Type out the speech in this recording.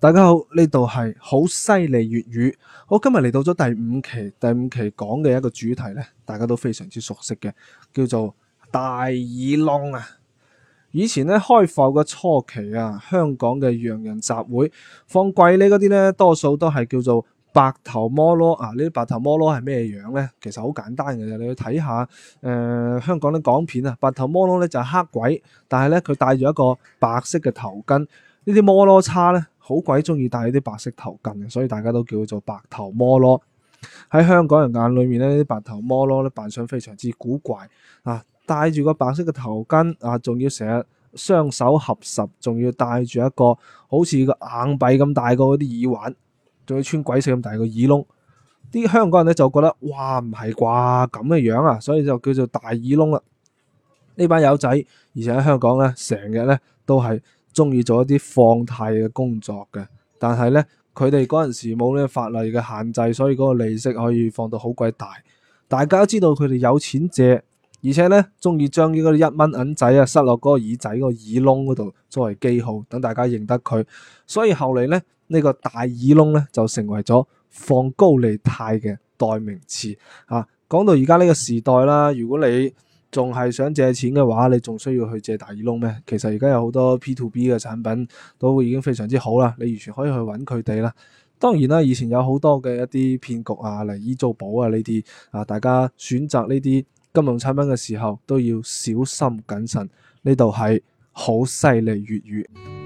大家好，呢度係好犀利粵語。好，今日嚟到咗第五期，第五期講嘅一個主題呢，大家都非常之熟悉嘅，叫做大耳窿啊。以前呢，開埠嘅初期啊，香港嘅洋人集會放貴呢嗰啲呢，多數都係叫做白頭摩羅啊。呢啲白頭摩羅係咩樣呢？其實好簡單嘅啫。你去睇下誒、呃，香港啲港片啊，白頭摩羅呢就係、是、黑鬼，但係呢，佢戴住一個白色嘅頭巾，呢啲摩羅叉呢。好鬼中意戴啲白色頭巾嘅，所以大家都叫做白頭摩羅。喺香港人眼裏面，呢啲白頭摩羅咧，扮相非常之古怪啊！戴住個白色嘅頭巾啊，仲要成日雙手合十，仲要戴住一個好似個硬幣咁大個嗰啲耳環，仲要穿鬼死咁大個耳窿。啲香港人咧，就覺得，哇，唔係啩，咁嘅樣啊，所以就叫做大耳窿啦。呢班友仔，而且喺香港咧成日咧都係，中意做一啲放貸嘅工作嘅，但係咧佢哋嗰陣時冇呢個法例嘅限制，所以嗰個利息可以放到好鬼大。大家都知道佢哋有錢借，而且咧中意將呢個一蚊銀仔啊塞落嗰個耳仔個耳窿嗰度作為記號，等大家認得佢。所以後嚟咧呢個大耳窿咧就成為咗放高利貸嘅代名詞啊！講到而家呢個時代啦，如果你仲係想借錢嘅話，你仲需要去借大耳窿咩？其實而家有好多 P to B 嘅產品都已經非常之好啦，你完全可以去揾佢哋啦。當然啦，以前有好多嘅一啲騙局啊，嚟以租寶啊呢啲啊，大家選擇呢啲金融產品嘅時候都要小心謹慎。呢度係好犀利粵語。